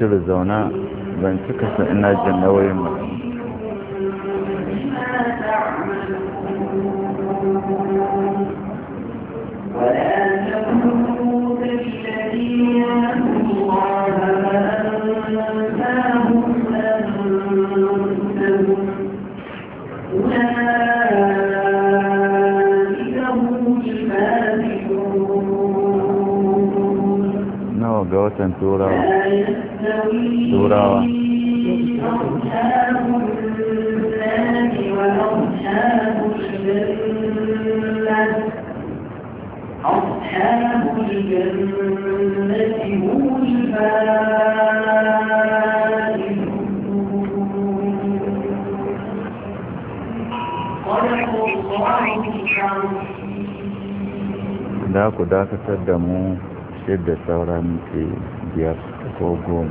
cire زونا بان تكس انا ina jin nauyin ba turawa da ku dakatar da mu shidda sauran ke biyar ko goma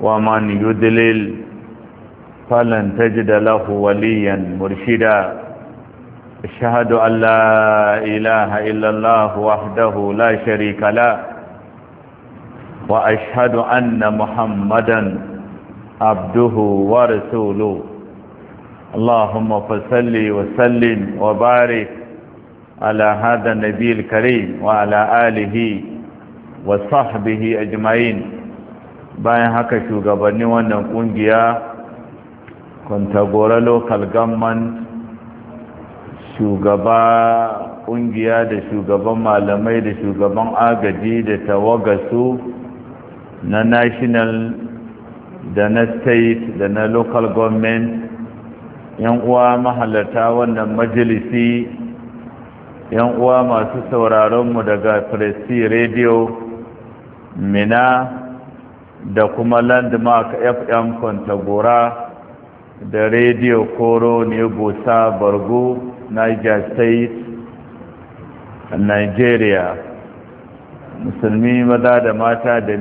ومن يدلل فلن تجد له وليا مرشدا اشهد أن لا إله إلا الله وحده لا شريك له وأشهد أن محمدا عبده ورسوله اللهم فصل وسلم وبارك على هذا النبي الكريم وعلى آله وصحبه أجمعين bayan haka shugabanni wannan kungiya kwantagora local government shugaba kungiya da shugaban malamai da shugaban agaji da tawagasu na national da na state da na local government yan uwa mahalarta wannan majalisi yan uwa masu sauraronmu daga presi radio mina da kuma landmark fm kwantagora da radio koro nebusa bargo niger state nigeria musulmi maza da mata da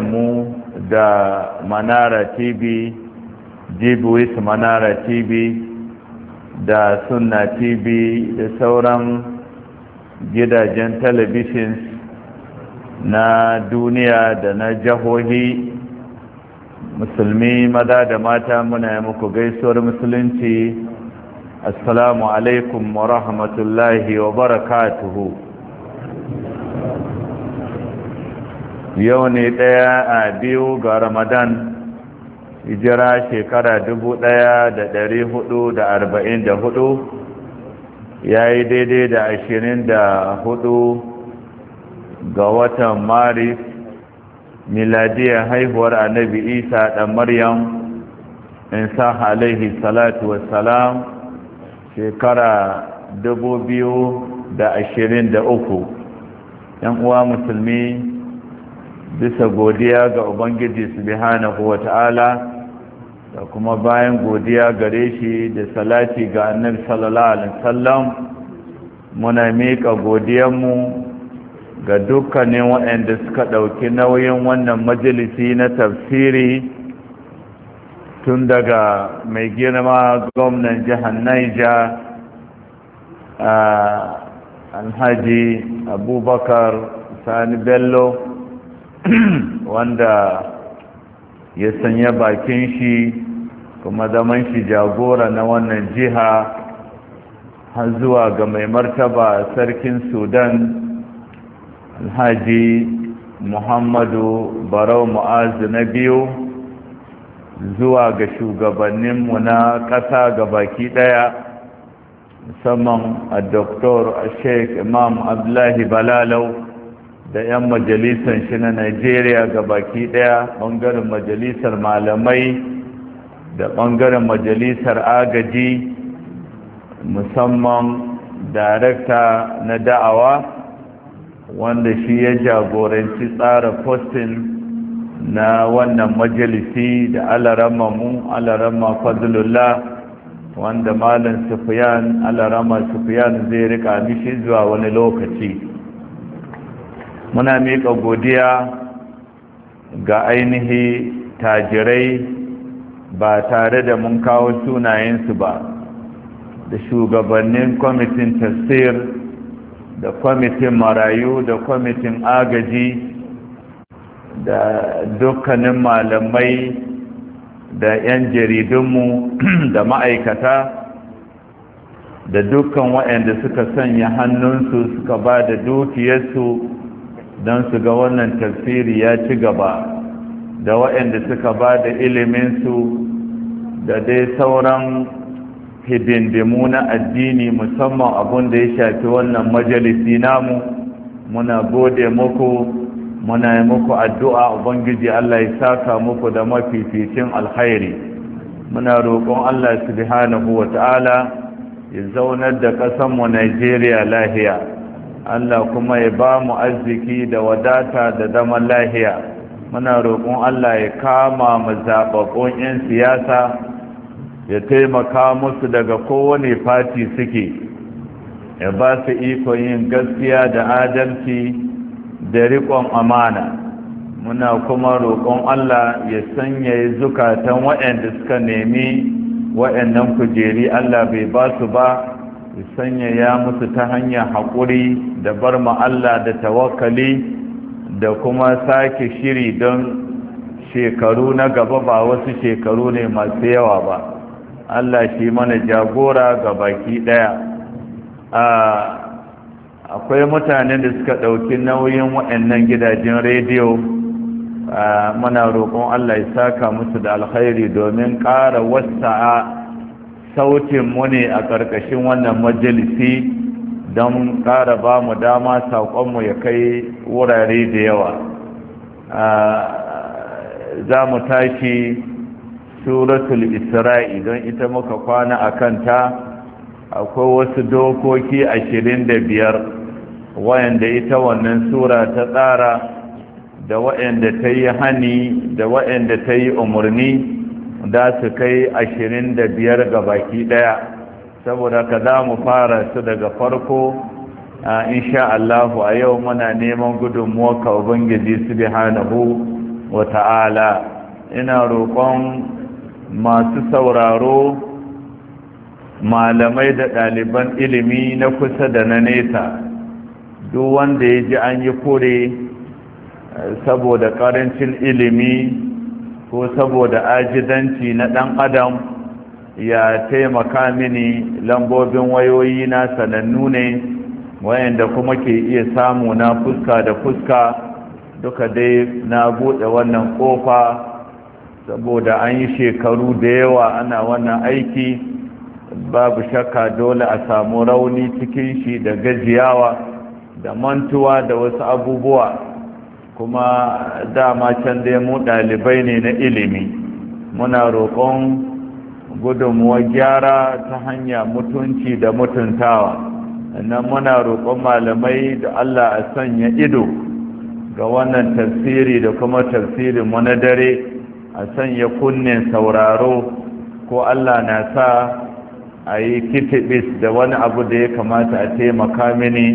mu da manara tv jibuis manara tv da sunna tv da sauran gidajen talabishin na duniya da na jahohi musulmi maza da mata muna yi muku gaisuwar musulunci assalamu alaikum wa rahmatullahi wa barakatuhu yau ne ɗaya a biyu ga ramadan hijira shekara dubu hudu ya yi daidai da ashirin da hudu. ga watan maris miladiyar haihuwar annabi isa dan maryam in sa alaihi salatu wassalam shekara uku. yan uwa musulmi bisa godiya ga ubangiji subhanahu wa ta'ala da kuma bayan godiya gare shi da salati ga annabi sallallahu alaihi wasallam muna miƙa godiyanmu ga dukkanin waɗanda suka ɗauki nauyin wannan majalisi na tafsiri tun daga mai girma gwamnan jihar naija alhaji abubakar sani bello wanda ya sanya bakin shi kuma zaman shi jagora na wannan jiha har zuwa ga mai martaba sarkin sudan alhaji muhammadu barau mu'azu na biyu zuwa ga shugabanninmu na ƙasa ga baki ɗaya musamman a doktor sheik imam abdullahi balalau da 'yan majalisar shi na nigeria ga baki ɗaya ɓangaren majalisar malamai da ɓangaren majalisar agaji musamman darakta na da'awa wanda shi ya jagoranci tsara postin na wannan majalisi da alarama mu alarama fadlullah wanda malam sufiyan alarama sufiyan zai rika mishi zuwa wani lokaci muna miƙa godiya ga ainihi tajirai ba tare da mun kawo sunayensu ba da shugabannin kwamitin tafsir da kwamitin marayu da kwamitin agaji da dukkanin malamai da 'yan jaridunmu da ma'aikata da dukkan waɗanda suka sanya hannunsu suka ba da dukiyarsu don su ga wannan tafsiri ya ci gaba da waɗanda suka ba da iliminsu da dai sauran hidindimu na addini musamman abun da ya shafi wannan majalisi namu muna gode muku muna yi muku addu'a ubangiji Allah ya saka muku da mafificin alkhairi muna roƙon Allah subhanahu wa ta'ala ya zaunar da ƙasanmu Najeriya lahiya Allah kuma ya ba mu arziki da wadata da zaman lahiya muna roƙon Allah ya kama mu zaɓaɓɓun 'yan siyasa ya taimaka musu daga kowane fati suke ya ba su ikon yin gaskiya da adalci da riƙon amana muna kuma roƙon Allah ya sanya zukatan waɗanda suka nemi waɗannan kujeri Allah bai ba su ba ya sanya ya musu ta hanyar haƙuri da barma Allah da tawakali da kuma sake shiri don shekaru na gaba ba wasu shekaru ne masu yawa ba Allah shi mana jagora ga baki daya akwai mutanen da suka ɗauki nauyin waɗannan gidajen rediyo muna roƙon Allah ya saka musu da alkhairi domin ƙara wasa'a sautin mu ne a ƙarƙashin wannan majalisi don ƙara ba mu dama saƙonmu ya kai wurare da yawa za mu tashi suratul isra'i don ita muka kwana a kanta akwai wasu dokoki ashirin da biyar wayanda ita wannan sura ta tsara da wayanda ta yi hani da wayanda ta yi umarni da su kai ashirin da biyar ga baki ɗaya saboda ka za mu fara su daga farko a insha Allahu a yau muna neman gudunmuwa ka ubangiji subhanahu wa ta'ala ina roƙon masu sauraro malamai da ɗaliban ilimi na kusa da na nesa duk wanda ya ji an yi kure eh, saboda ƙarancin ilimi ko saboda ajidanci na ɗan adam ya taimaka mini lambobin wayoyi na sanannu ne wayanda kuma ke iya samu na fuska da fuska duka dai na buɗe wannan ƙofa saboda an yi shekaru da yawa ana wannan aiki babu shakka dole a samu rauni cikin shi da gajiyawa da mantuwa da wasu abubuwa kuma dama can dai mu ɗalibai ne na ilimi muna roƙon gudunmuwar gyara ta hanya mutunci da mutuntawa nan muna roƙon malamai da allah a sanya ido ga wannan tafsiri da kuma tafsirin mu dare a sanya kunnen sauraro ko Allah na sa a yi kitibis da wani abu da ya kamata a taimaka mini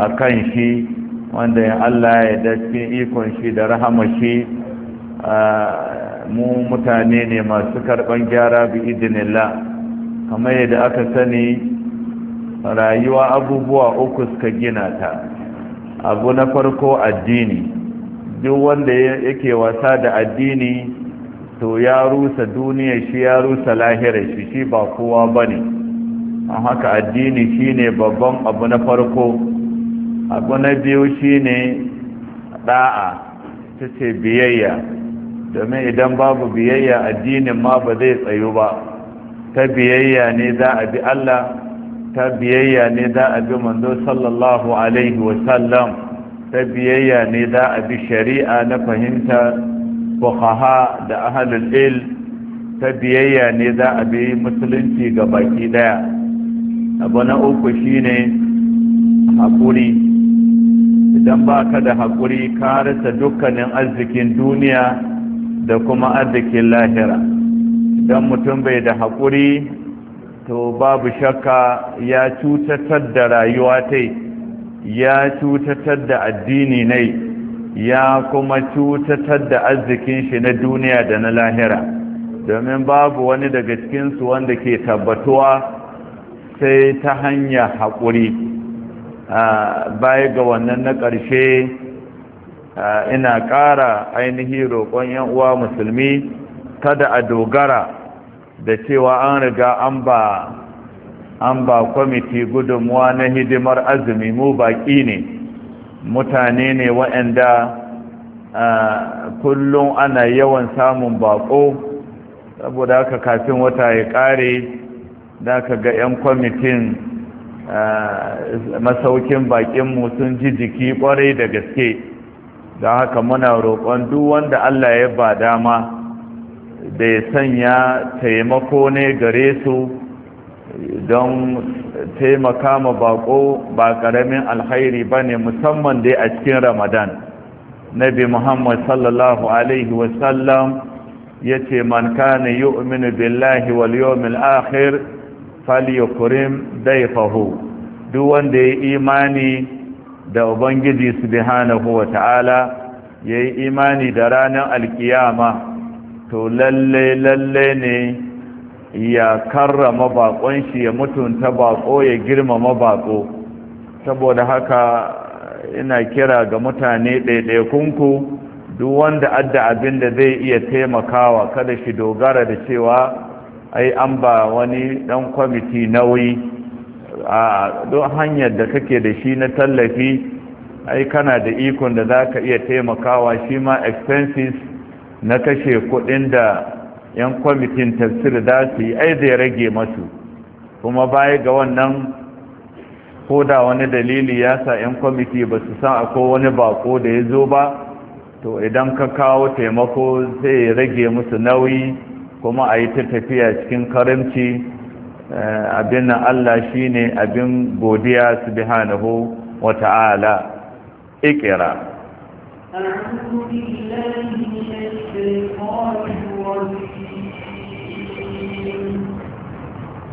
a kan shi wanda ya Allah ya dafi ikon shi da rahama shi mu mutane ne masu karɓar gyara bi idinillah kamar yadda aka sani rayuwa abubuwa uku suka gina ta abu na farko addini duk wanda yake wasa da addini to ya rusa duniya shi ya rusa lahirar shi shi ba kowa ba ne a haka addini shi ne babban abu na farko abu na biyu shi ne ɗa'a ta ce biyayya domin idan babu biyayya addinin ma ba zai tsayu ba ta biyayya ne za a bi Allah ta biyayya ne za a bi manzo sallallahu alaihi wasallam ta biyayya ne za a bi shari'a na fahimta fukaha da ahalul il ta biyayya ne za a bi musulunci ga baki daya abu na uku shine hakuri idan ba ka da hakuri ka rasa dukkanin arzikin duniya da kuma arzikin lahira idan mutum bai da hakuri to babu shakka ya cutatar da rayuwa tai ya cutatar da addini ne ya kuma cutatar da arzikin shi na duniya da na lahira domin babu wani daga cikinsu wanda ke tabbatuwa sai ta hanya haƙuri baya ga wannan na ƙarshe ina ƙara ainihi roƙon 'yan uwa musulmi kada a dogara da cewa an riga an ba an ba kwamiti gudunmuwa na hidimar azumi mu baƙi ne mutane ne waɗanda kullum ana yawan samun baƙo. saboda haka kafin wata ya ƙare da ka ga 'yan kwamitin masaukin mu sun ji jiki ƙwarai da gaske Da haka muna roƙon duk wanda Allah ya ba dama da ya sanya taimako ne gare su don taimaka ma bako ba ƙaramin alkhairi ba ne musamman dai a cikin ramadan nabi muhammad sallallahu alaihi wasallam ya ce man kane yu'minu billahi wal yawmil akhir falyukrim dayfahu duk wanda ya imani da ubangiji subhanahu wa ta'ala ya yi imani da ranar alkiyama to lalle lalle ne ya karrama bakon shi ya mutunta bako ya girmama bako saboda haka ina kira ga mutane kunku duk wanda adda abin da zai iya taimakawa kada shi dogara da cewa ai an ba wani ɗan kwamiti nauyi a don hanyar da kake da shi na tallafi ai kana da ikon da za ka iya taimakawa shi ma expenses na kashe kuɗin da yan kwamitin tafsir da su yi ai zai rage masu kuma baya ga wannan ko da wani dalili ya sa yan kwamiti ba su san akwai wani bako da ya zo ba to idan ka kawo taimako zai rage musu nauyi kuma a yi ta tafiya cikin karamci eh, abin nan Allah shi ne abin godiya su subhanahu wa ta'ala ikira من الشيطان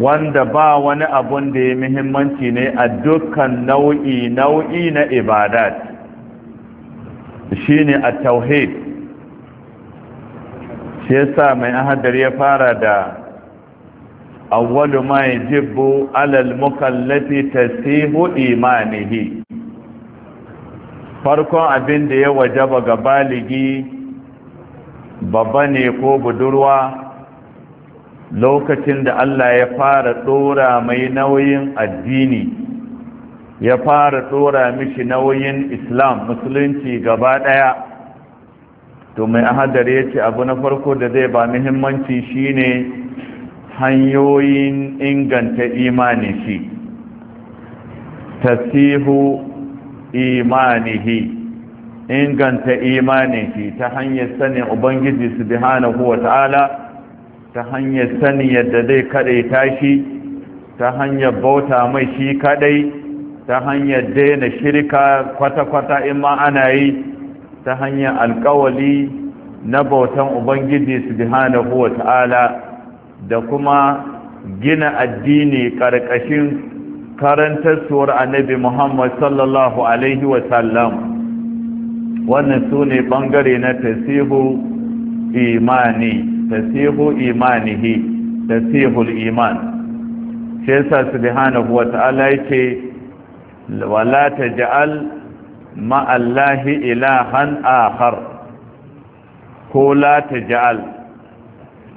wanda ba wani abun da ya muhimmanci ne a dukkan nau'i nau'i na ibadat shine a tauhid shi yasa mai ahadar ya fara da awwalu ma yajibu alal mukallafi tasihu imanihi farkon abin da ya wajaba ga baligi babba ne ko budurwa lokacin da Allah ya fara ɗora mai nauyin addini ya fara ɗora mishi nauyin islam musulunci gaba ɗaya to mai ahadar ya ce abu na farko da zai ba muhimmanci shine hanyoyin inganta imani shi tasihu imanihi inganta imani shi ta hanyar sanin ubangiji subhanahu wa ta'ala ta hanyar sani yadda zai kaɗai tashi ta hanyar bauta mai shi kaɗai ta hanyar daina shirka kwata-kwata in ma ana yi ta hanyar alkawali na bautan ubangiji subhanahu wa ta'ala da kuma gina addini ƙarƙashin karantarsuwar annabi muhammad sallallahu alaihi wasallam wannan su ne ɓangare na tasihu imani tasihu imanihi tasihul iman shi yasa subhanahu wata'ala yake wala taj'al ma'allahi ilahan akhar ko la taj'al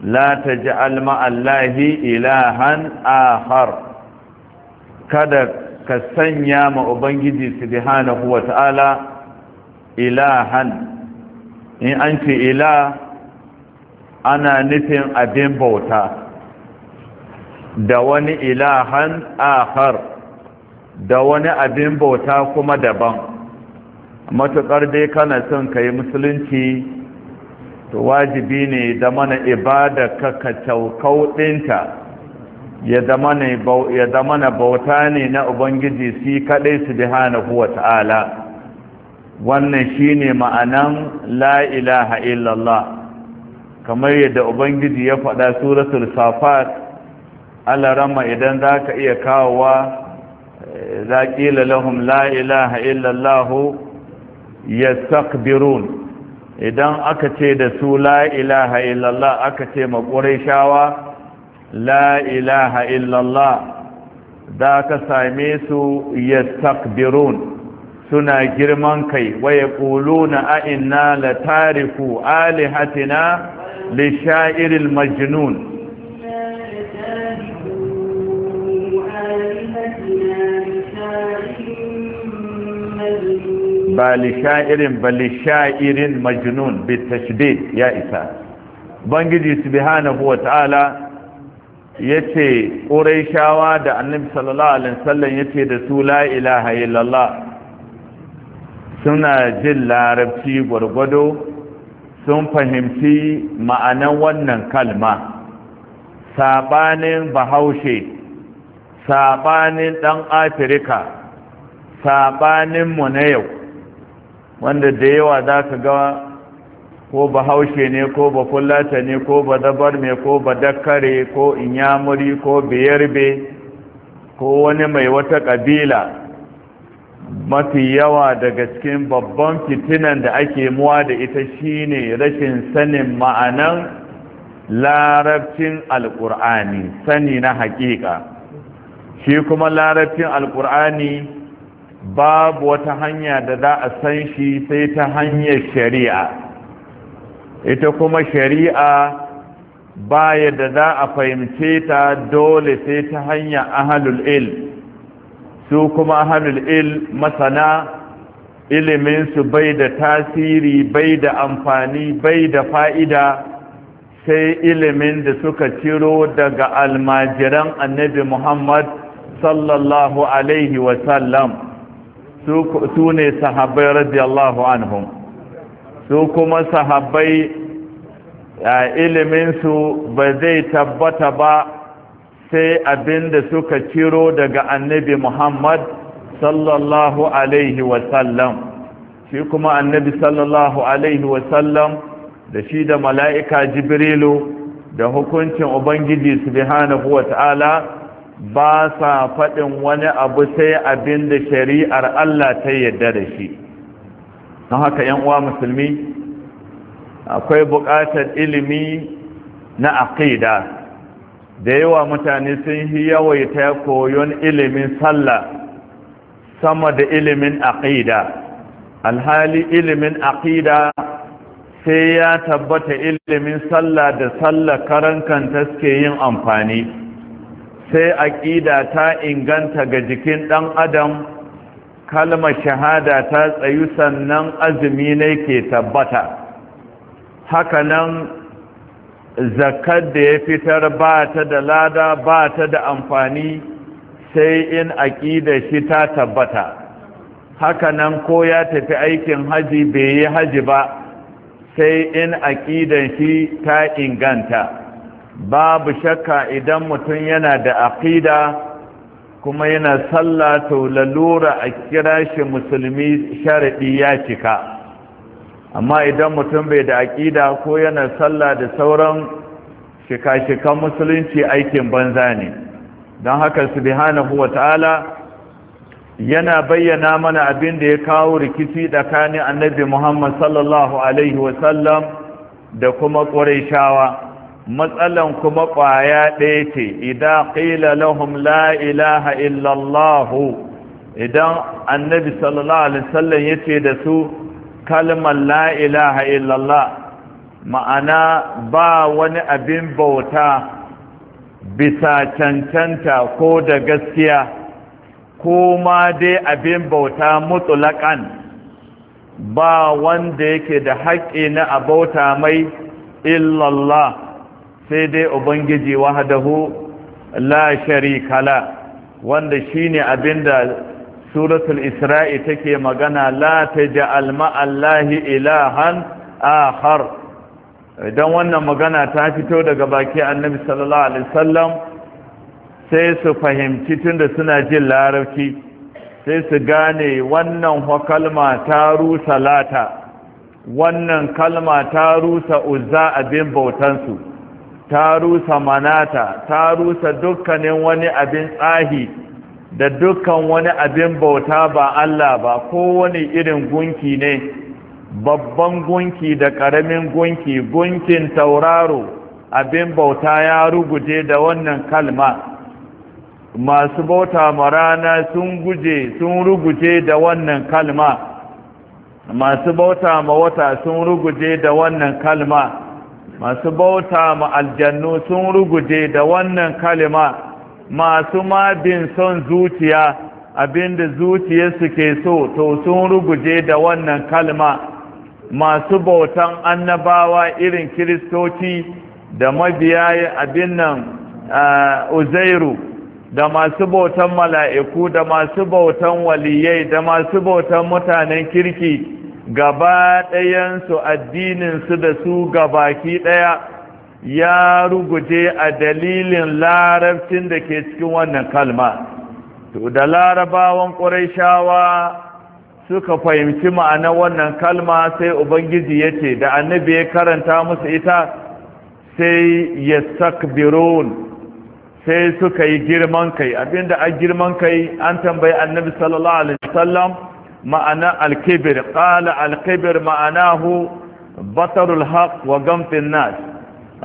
la taj'al ma'allahi ilahan akhar kada ka sanya ma ubangiji subhanahu wata'ala ilahan in an ce ilah ana nufin abin bauta da wani ilahan ahar da wani abin bauta kuma daban matuƙar dai kana son ka yi musulunci to wajibi ne da mana ibada ka ka caukau ɗinta ya zama na bauta ne na ubangiji si kaɗai su bi ta'ala wannan shi ne ma'anan la ilaha illallah kamar yadda ubangiji ya faɗa suratul safat alarama idan za ka iya kawowa eh, za ƙila lahum la ilaha illallahu ya sakbirun idan aka ce da su la ilaha illallah aka ce maƙurai shawa la ilaha illallah za ka same su ya takbirun suna girman kai waya ƙulu a'inna la tariku alihatina لشاعر المجنون ba li sha'irin ba li sha'irin majnun bi tashdid ya isa bangiji subhanahu wata'ala yace quraishawa da annabi sallallahu alaihi wasallam yace da su la ilaha illallah suna jin larabci gwargwado sun fahimci ma'anan wannan kalma saɓanin bahaushe saɓanin ɗan afirka mu na yau wanda da yawa za ka ga ko bahaushe ne ko bafullata ne ko badabar mai ko Badakare ko inyamuri ko biyarbe ko wani mai wata ƙabila mafi yawa daga cikin babban fitinan da ake muwa da ita shine rashin sanin ma'anan larabcin Alƙur'ani, sani na haƙiƙa. shi kuma larabcin alkur'ani babu wata hanya da za a san shi sai ta hanyar shari'a ita kuma shari'a baya da za a fahimce ta dole sai ta hanyar ahalul ilm su kuma ahlul il masana ilimin su bai da tasiri bai da amfani bai da fa'ida sai ilimin da suka ciro daga almajiran annabi Muhammad sallallahu alaihi wasallam su ne sahabbai radiyallahu anhum su kuma sahabbai iliminsu ba zai tabbata ba sai abinda suka ciro daga annabi Muhammad sallallahu alaihi wasallam shi kuma annabi sallallahu alaihi wasallam da shi da mala'ika jibrilu da hukuncin ubangiji subhanahu ta’ala ba sa faɗin wani abu sai abin da shari'ar Allah ta yarda da shi don haka uwa musulmi akwai buƙatar ilimi na aƙida da yawa mutane sun yi yawaita koyon ilimin sallah sama da ilimin aqida alhali ilimin aqida sai ya tabbata ilimin sallah da sallah karankanta suke yin amfani sai aqida ta inganta ga jikin dan adam kalmar shahada ta tsayu sannan azumi ne ke tabbata hakanan zakar da ya fitar ba ta da lada ba ta da amfani sai in aƙida shi ta tabbata Haka nan ko ya tafi aikin haji bai yi haji ba sai in aƙidan shi ta inganta babu shakka idan mutum yana da aƙida kuma yana sallah to lalura a kira shi musulmi sharaɗi ya cika amma idan mutum bai da aƙida ko yana sallah da sauran shika-shikan musulunci aikin banza ne don haka subhanahu wa yana bayyana mana abin da ya kawo rikici tsakanin annabi muhammad sallallahu alaihi wasallam da kuma ƙuraishawa matsalan kuma ƙwaya ɗaya ce idan ƙila lahum la ilaha illallahu idan annabi sallallahu alaihi wasallam ya ce da su kalmar la ilaha illallah ma'ana ba wani abin bauta bisa cancanta ko da gaskiya ko ma dai abin bauta mutulakan ba wanda yake da haƙƙi na abauta mai illallah sai dai ubangiji wahadahu la sharika wanda shine abinda suratul isra'i take magana la taj'al ma'allahi ilahan akhar idan wannan magana ta fito daga baki annabi sallallahu alaihi wasallam sai su fahimci tunda suna jin larabci sai su gane wannan kalma ta rusa lata wannan kalma ta rusa uzza abin bautansu ta rusa manata ta rusa dukkanin wani abin tsahi da dukkan wani abin bauta ba Allah ba kowane irin gunki ne babban gunki da ƙaramin gunki gunkin tauraro abin bauta ya ruguje da wannan kalma masu bauta marana sun guje sun ruguje da wannan kalma masu bauta ma wata sun ruguje da wannan kalma masu bauta ma aljannu sun ruguje da wannan kalma masu ma bin son zuciya abinda zuciya suke so to sun ruguje da wannan kalma masu bautan annabawa irin kiristoci da mabiya abin nan uzairu da masu bautan mala'iku da masu bautan waliyai da masu bautan mutanen kirki gaba ɗayansu addininsu da su gabaki ɗaya ya ruguje a dalilin larabcin da ke cikin wannan kalma to da larabawan ƙuraishawa suka fahimci ma'ana wannan kalma sai ubangiji ya ce da annabi ya karanta musu ita sai ya sakbirun sai suka yi girman kai abinda a girman kai an tambayi annabi sallallahu alaihi wasallam ma'ana alkibir qala alkibir ma'anahu batarul haq wa gamtin nas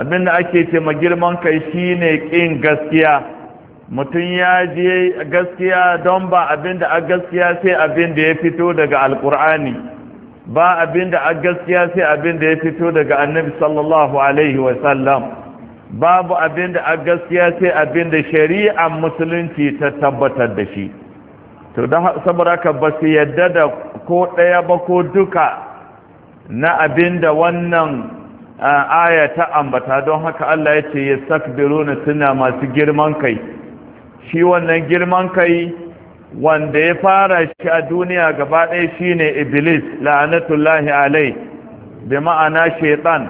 abin da ake ce ma girman kai shine kin gaskiya mutum ya je gaskiya don ba abin da a gaskiya sai abin da ya fito daga alkur'ani ba abin da a gaskiya sai abin da ya fito daga annabi sallallahu alaihi wasallam babu abin da a gaskiya sai abin da shari'ar musulunci ta tabbatar da shi to don saboda ka ba su yadda da ko ɗaya ba ko duka na abin da wannan aya ta ambata don haka Allah ya ce ya yastakbiruna suna masu girman kai shi wannan girman kai wanda ya fara shi a duniya gaba ɗaya shine iblis la'anatullahi alai bi ma'ana shaitan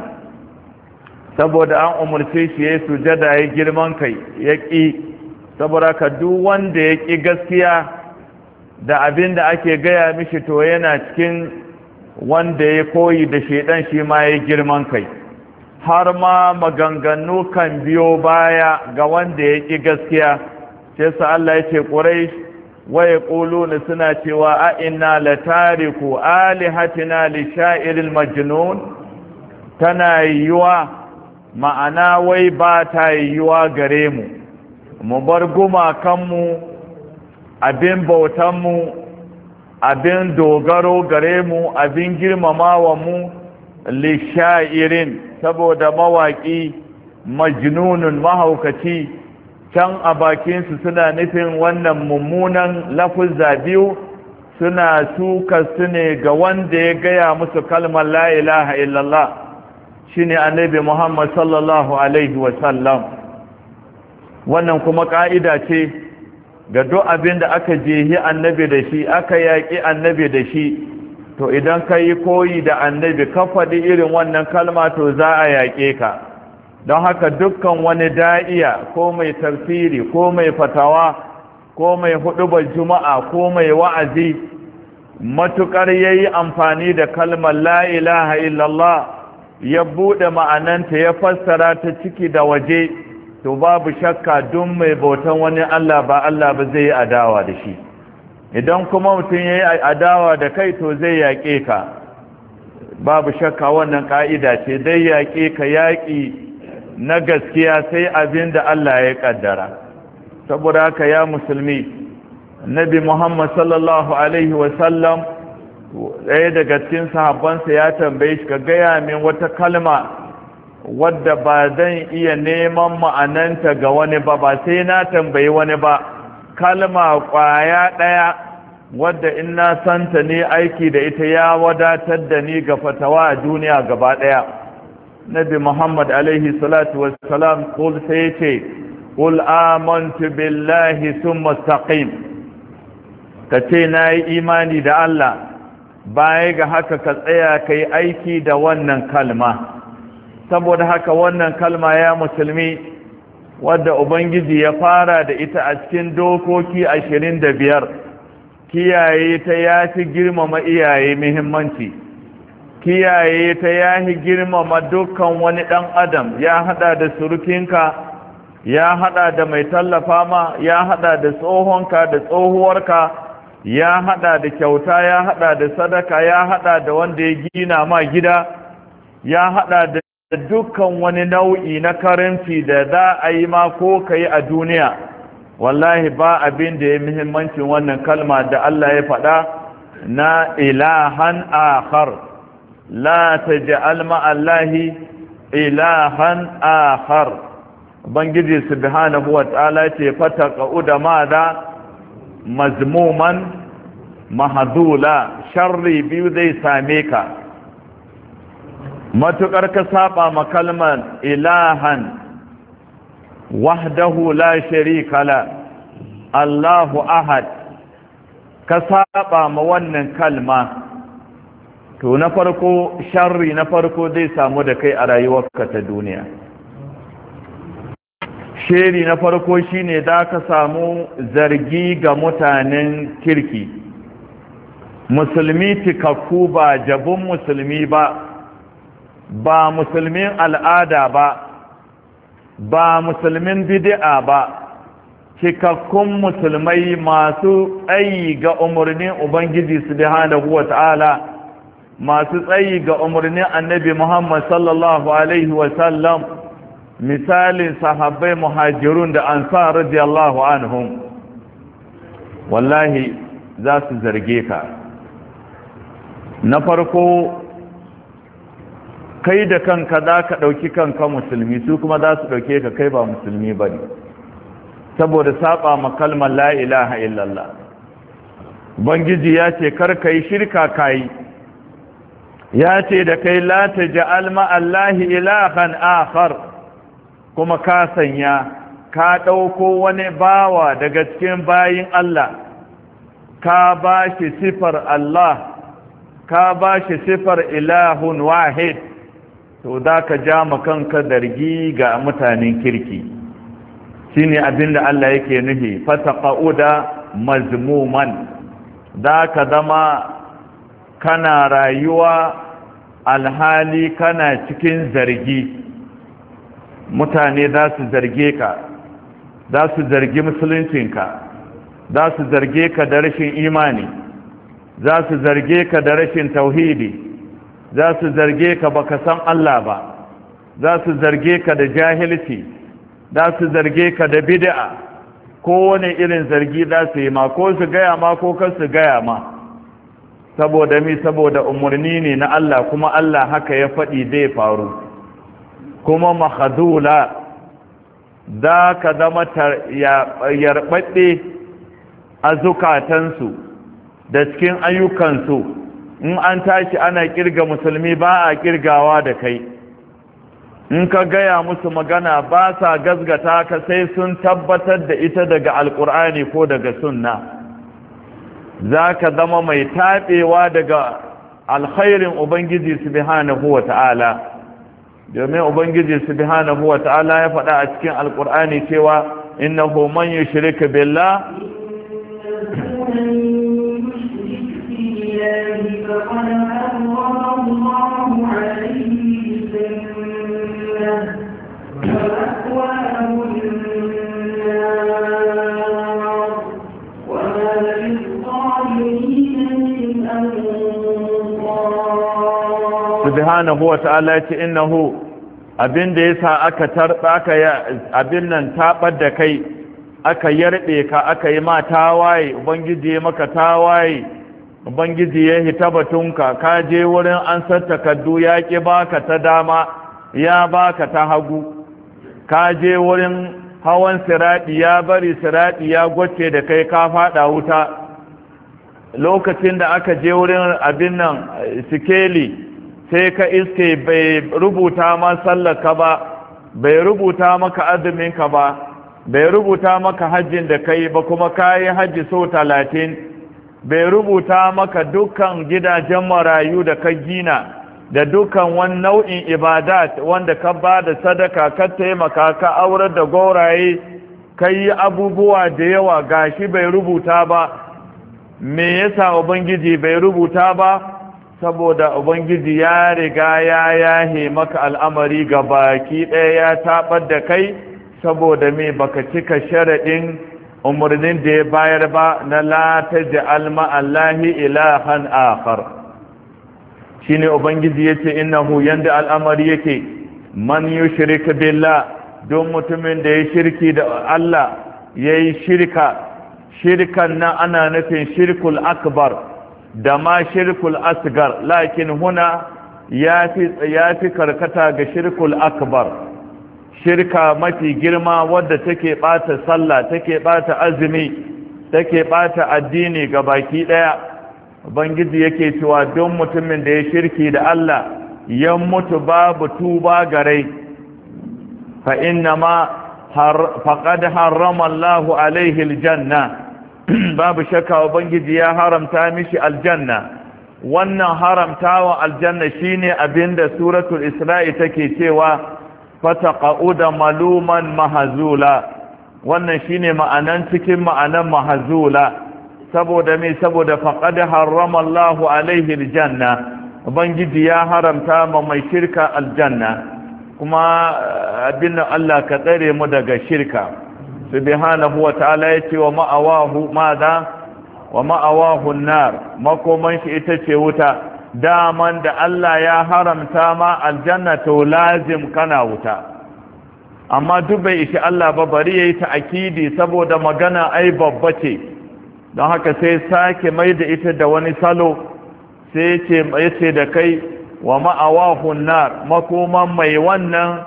saboda an umarci shi ya sujada ya girman kai ya ƙi saboda ka duk wanda ya ƙi gaskiya da abin da ake gaya mishi to yana cikin wanda ya koyi da shaidan shi ma ya girman kai har ma maganganu kan biyo baya ga wanda ya ƙi gaskiya sai sa Allah ya ce ƙurai waye ne suna cewa a inna la tariku alihatina li sha'iril majnun tana yiwa ma'ana wai ba ta yiwa gare mu mu bar gumakanmu abin bautanmu abin dogaro gare mu abin girmamawa mu lisha'irin saboda mawaƙi majnunun mahaukaci can a bakinsu suna nufin wannan mummunan lafuzza biyu suna suka su ne ga wanda ya gaya musu kalmar la ilaha illallah shine annabi Muhammad sallallahu alaihi wasallam wannan kuma ka'ida ce ga duk abin da aka jehi annabi da shi aka yaƙi annabi da shi to idan ka yi koyi da annabi ka faɗi irin wannan kalma to za a yaƙe ka don haka dukkan wani da'iya ko mai tafsiri ko mai fatawa ko mai hudubar juma'a ko mai wa'azi matuƙar ya yi amfani da kalmar la'ilaha illallah ya buɗe ma'ananta ya fassara ta ciki da waje to babu shakka duk mai bautan wani allah ba allah ba zai yi adawa da shi idan kuma mutum ya yi adawa da kai to zai yaƙe ka babu shakka wannan ƙa'ida ce dai yaƙe ka yaƙi na gaskiya sai abin da Allah ya ƙaddara saboda haka ya musulmi nabi muhammad sallallahu alaihi wasallam ɗaya daga cikin sahabbansa ya tambaye shi ka gaya min wata kalma wadda ba zan iya neman ma'ananta ga wani ba ba sai na tambayi wani ba kalma kwaya ɗaya wadda in na santa ne aiki da ita ya wadatar da ni ga fatawa a duniya gaba ɗaya nabi muhammad alaihi salatu wassalam kul sai ce kul amantu billahi sun mustaqim ka ce na yi imani da allah baya ga haka ka tsaya ka yi aiki da wannan kalma saboda haka wannan kalma ya musulmi wadda ubangiji ya fara da ita a cikin dokoki ashirin da biyar kiyaye ta ya fi girmama iyaye muhimmanci kiyaye ta ya fi girmama dukkan wani ɗan adam ya haɗa da surukinka ya haɗa da mai tallafa ma ya haɗa da tsohonka da tsohuwarka ya haɗa da kyauta ya haɗa da sadaka ya haɗa da wanda ya gina ma gida ya haɗa da dukkan wani nau'i na karinci da za a yi ma ko ka yi a duniya wallahi ba abin da ya muhimmancin wannan kalma da Allah ya faɗa na ilahan akhar la taj'al Allahi, ilahan akhar bangiji subhanahu wata'ala ce fata da ma da mazmuman mahzula sharri biyu zai same ka matuƙar ka saba ma kalmar ilahan wahdahu la sharika la Allahu ahad ka saba ma wannan kalma to na farko sharri na farko zai samu da kai a rayuwarka ta duniya sheri na farko shine da ka samu zargi ga mutanen kirki musulmi tikakku ba jabun musulmi ba ba musulmin al'ada ba ba musulmin bid'a ba cikakkun musulmai masu tsayi ga umarni ubangiji su da subhanahu Ta'ala, masu tsayi ga umarnin annabi muhammad sallallahu alaihi Wasallam, misalin sahabbai muhajirun da sa radiyallahu anhum wallahi za su zarge ka na farko kai da kanka za ka ɗauki kanka musulmi su kuma za su ɗauke ka kai ba musulmi ba ne saboda saba ma kalmar la'ilaha illallah bangiji ya ce kar ka yi shirka ka yi ya ce da kai lati ji ja'al ilahan afar kuma ka sanya ka ɗauko wani bawa daga cikin bayin Allah ka ba shi sifar Allah ka ba shi sifar ilahun wahid to za ka ja kanka dargi ga mutanen kirki shi ne abinda Allah yake nufi da mazmuman Da ka zama kana rayuwa alhali kana cikin zargi mutane za su zarge ka za su zargi musuluncinka za su zarge ka da rashin imani za su zarge ka da rashin tauhidi za su zarge ka baka san Allah ba za su zarge ka da jahilci za su zarge ka da bid'a kowane irin zargi za su yi ma ko su gaya ma ko kan su gaya ma saboda mi saboda umarni ne na Allah kuma Allah haka ya faɗi zai faru kuma mahadula za ka zama yarɓaɗe a da cikin ayyukansu in an tashi ana kirga musulmi ba a kirgawa da kai in ka gaya musu magana ba sa gazgata ka sai sun tabbatar da ita daga alkur'ani ko daga sunna za ka zama mai taɓewa daga alkhairin ubangiji subhanahu wa ta'ala domin ubangiji subhanahu wa ta'ala ya faɗa a cikin alkur'ani cewa innahu man shirika billah فقد أغرم الله عليه بسنة فمأواه abin da ya sa aka tarba aka abin nan taɓar da kai aka yarbe ka aka yi ma tawaye ubangiji ya maka tawaye ubangiji ya hita batunka ka je wurin an takardu ya ki baka ta dama ya baka ta hagu ka je wurin hawan siraɗi ya bari siraɗi ya gwace da kai ka faɗa wuta lokacin da aka je wurin abin nan sikeli sai ka iske bai rubuta ma sallaka ba bai rubuta maka azuminka ba bai rubuta maka hajjin da kai ba kuma ka yi hajji sau talatin bai rubuta maka dukkan gidajen marayu da ka gina da dukkan wani nau'in ibadat wanda ka ba da sadaka ka taimaka ka aurar da gauraye ka yi abubuwa da yawa ga shi bai rubuta ba me yasa ubangiji bai rubuta ba saboda ubangiji ya riga ya yahe maka al'amari ga baki ɗaya ya taɓar da kai saboda me baka cika sharaɗin umarnin da ya bayar ba na lata da alma Allahi ilahan akhar shi ne ubangiji ya ce innahu yanda al'amari yake man yi shirka billah don mutumin da ya shirki da Allah ya yi shirka shirkan na ana nufin shirkul akbar da ma shirkul asgar lakin huna ya fi karkata ga shirkul akbar shirka mafi girma wadda take bata sallah take bata azumi take bata addini ga baki ɗaya ubangiji yake cewa don mutumin da ya shirki da Allah ya mutu babu tuba gare fa inna ma faqad harrama Allah alaihi aljanna babu shakka ubangiji ya haramta mishi aljanna wannan haramtawa aljanna shine abinda suratul isra'i take cewa fataqauda maluman mahazula wannan shine ma'anan cikin ma'anan mahazula saboda me saboda faqad harrama Allahu alaihi aljanna ubangiji ya haramta ma mai shirka aljanna kuma eh, abin Allah ka tsare mu daga shirka subhanahu wa ta'ala yace wa ma'awahu madha wa ma'awahu nar makoman shi ita ce wuta daman da Allah ya haramta ma aljanna to lazim kana wuta amma duk bai ishi Allah ba bari yayi ta akidi saboda magana ai babba ce don haka sai sake mai da ita da wani salo sai ce yace da kai wa ma'awahun nar makoman mai wannan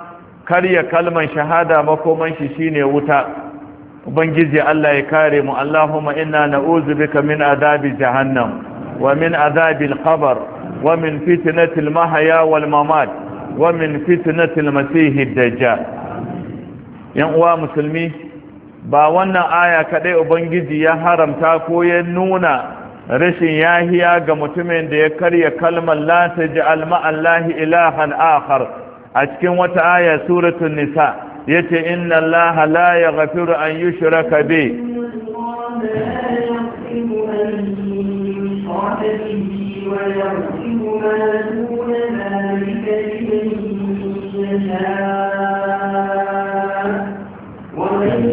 karya kalman shahada makoman shi shine wuta ubangiji Allah ya kare mu Allahumma inna na'udzu bika min adabi jahannam wa min adhabi al ومن فتنة المحيا والممات ومن فتنة المسيح الدجال ينقوى مسلمي ba wannan aya kadai ubangiji ya haramta ko ya nuna rashin yahiya ga mutumin da ya karya kalmar la taj'al ma'allahi ilahan akhar a cikin wata aya suratul nisa yace inna allaha la yaghfiru an yushraka bi ما ومن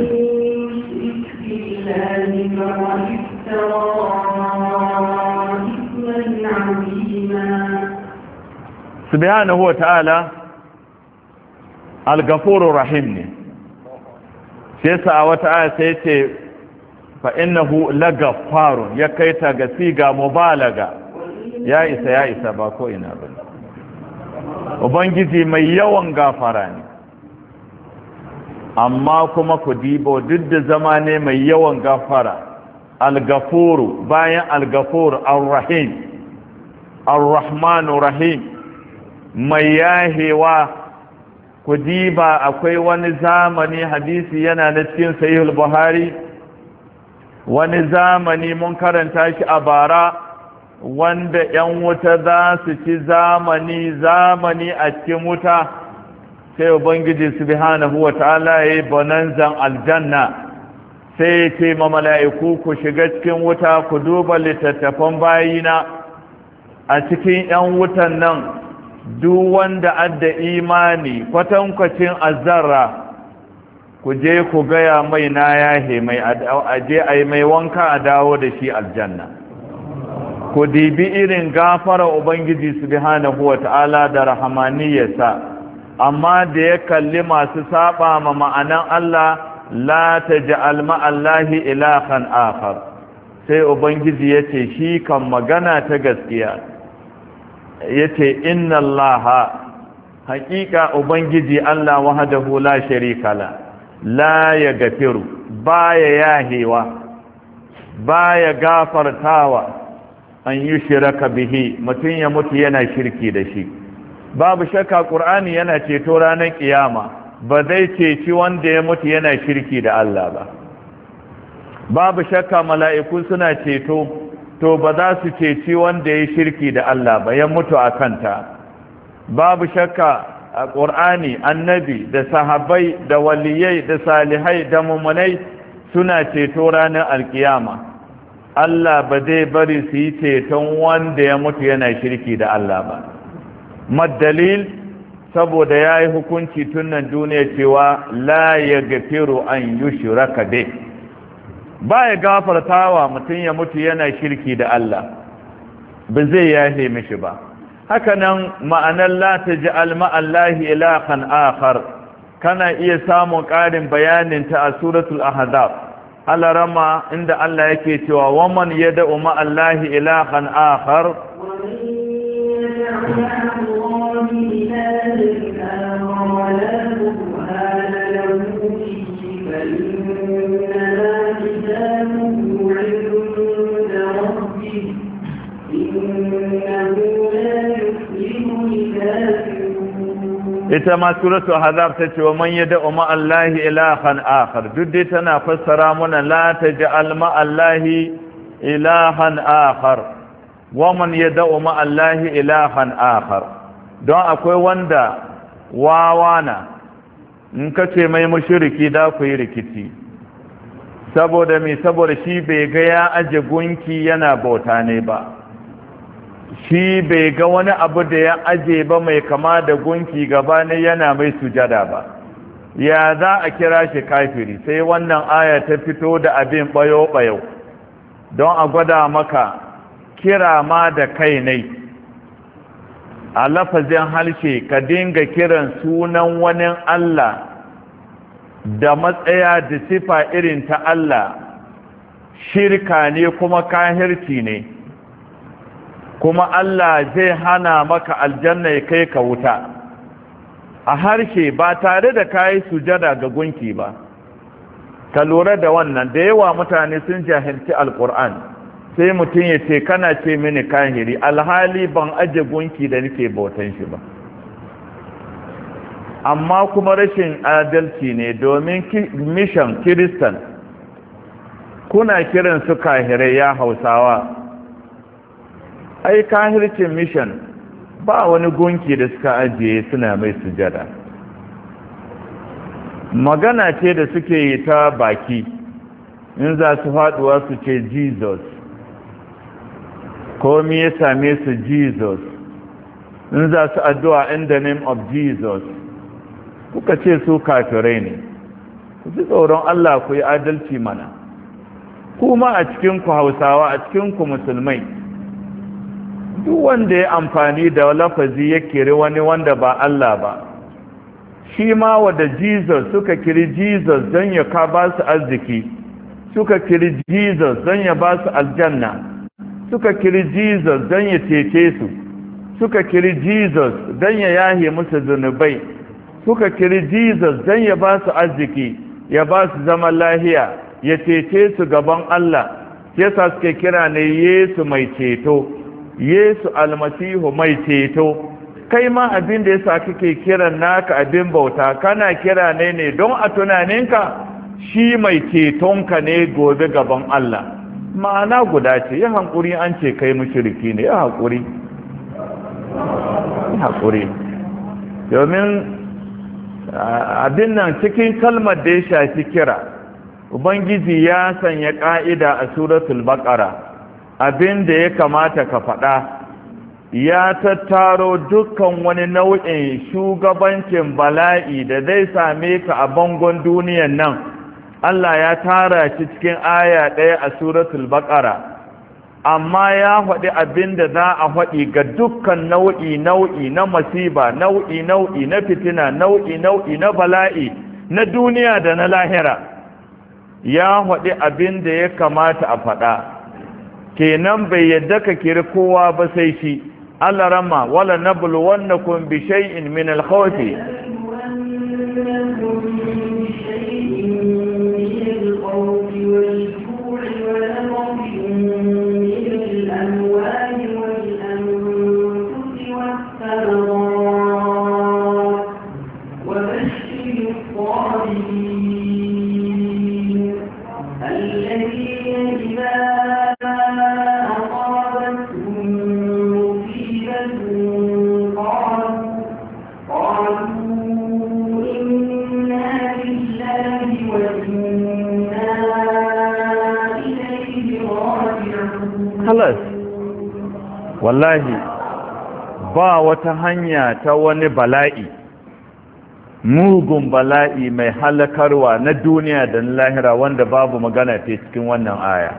يشرك بالله سبحانه وتعالى الغفور الرحيم سيسا وتعالى sa فإنه لغفار يكيتا غسيقا مبالغا ya isa ya isa ba ko ina ba ubangiji mai yawan gafara ne amma kuma ku dibo duk da zama ne mai yawan gafara algafuru bayan algafuru al-rahmanu rahim mai yahewa ku diba akwai wani zamani hadisi yana na cikin al buhari wani zamani mun karanta shi a bara wanda ‘yan wuta za su ci zamani zamani a cikin wuta sai ubangiji subhanahu wa ta'ala ya yi bonanzan aljanna sai ya ce ma mala'iku ku shiga cikin wuta ku duba littattafan bayina a cikin ‘yan wutan nan duk wanda adda imani kwatankwacin azara, ku je ku gaya mai na yahe mai aje a yi mai wanka a dawo da shi aljanna ku dibi irin gafara ubangiji subhanahu ta'ala da rahamaniyarsa amma da ya kalli masu saba ma ma'anan Allah la taj'al ma'allahi ilahan akhar sai ubangiji yace shi kan magana ta gaskiya yace inna Allah haqiqa ubangiji Allah wahdahu la sharika la la yaghfiru ya yahewa Ba ya gafartawa an yi shiraka bihi mutum ya mutu yana shirki da shi babu shakka ƙur'ani yana ceto ranar ƙiyama ba zai ceci wanda ya mutu yana shirki da Allah ba babu shakka mala'iku suna ceto to ba za su ceci wanda ya shirki da Allah ba ya mutu a ta. babu shakka a ƙur'ani annabi da sahabbai da waliyai da salihai da mummunai suna ceto ranar alkiyama Allah ba zai bari su yi ceton wanda ya mutu yana shirki da Allah ba madalil saboda ya yi hukunci tunan duniya cewa la ya gafiru an yi shiraka dai. ba ya gafartawa mutum ya mutu yana shirki da Allah ba zai yahe mishi ba hakanan ma'anar la ta ji alma'allahi ilakan akhar kana iya samun ƙarin bayanin ta a suratul ahzab alarama inda Allah yake cewa waman ya ma Allah ilahan akhar wa man ita ma suratu hazab ta ce wa man yad'u ma allahi ilahan akhar duk dai tana fassara muna la taj'al ma allahi ilahan akhar wa man yad'u ma allahi ilahan akhar don akwai wanda wawana in ka ce mai mushriki da ku yi rikici saboda me saboda shi bai ga ya aje gunki yana bauta ne ba shi bai ga wani abu da ya aje ba mai kama da gunki gaba ne yana mai sujada ba ya za a kira shi kafiri sai wannan aya ta fito da abin bayo-bayo don a gwada maka kira ma da kai ne a lafazin harshe ka dinga kiran sunan wani Allah da matsaya da sifa irin ta Allah shirka ne kuma kahirci ne kuma Allah zai hana maka aljanna ya kai ka wuta a harshe ba tare da kayi sujada ga gunki ba ka lura da wannan da yawa mutane sun jahilci Alƙur'an, sai mutum ya ce kana ce mini kahiri alhali ban aje gunki da nake bautan shi ba amma kuma rashin adalci ne domin mishan kiristan kuna kiran su kahirai ya hausawa ai kahircin mishan ba wani gunki da suka ajiye suna mai sujada magana ce da suke yi ta baki in za su faduwa su ce jesus komi ya same su jesus in za su addu'a in the name of jesus kuka ce su kafirai ne ku ji tsoron allah ku yi adalci mana kuma a cikinku hausawa a cikinku musulmai duk wanda ya amfani da lafazi ya kiri wani wanda ba Allah ba shi ma wada Jesus suka kiri Jesus don ya ka ba su arziki suka kiri Jesus don ya ba su aljanna suka kiri Jesus don ya cece su suka kiri Jesus don ya yahe musu zunubai suka kiri Jesus don ya ba su arziki ya ba su zaman lahiya ya cece su gaban Allah yasa suke kira ne Yesu mai ceto yesu almasihu mai ceto kai ma abin da yasa kake kiran naka abin bauta kana kira ne ne don a tunaninka shi mai cetonka ne gobe gaban Allah ma'ana guda ce ya hankuri an ce kai mushriki ne ya hankuri ya hankuri domin abin nan cikin kalmar da ya shafi kira ubangiji ya sanya ka'ida a suratul baqara abin da ya kamata ka faɗa ya tattaro dukkan wani nau'in shugabancin bala'i da zai same ka a bangon duniyan nan Allah ya tara shi cikin aya ɗaya a suratul baqara amma ya faɗi abin da za a faɗi ga dukkan nau'i nau'i na masiba nau'i nau'i na fitina nau'i nau'i na bala'i na duniya da na lahira ya faɗi abin da ya kamata a faɗa kenan bai yadda ka kiri kowa ba sai shi Allah rama wala nabluwannakum bi shay'in min al-khawfi halas wallahi ba wata hanya ta wani bala'i mugun bala'i mai halakarwa na duniya da na lahira wanda babu magana ta cikin wannan aya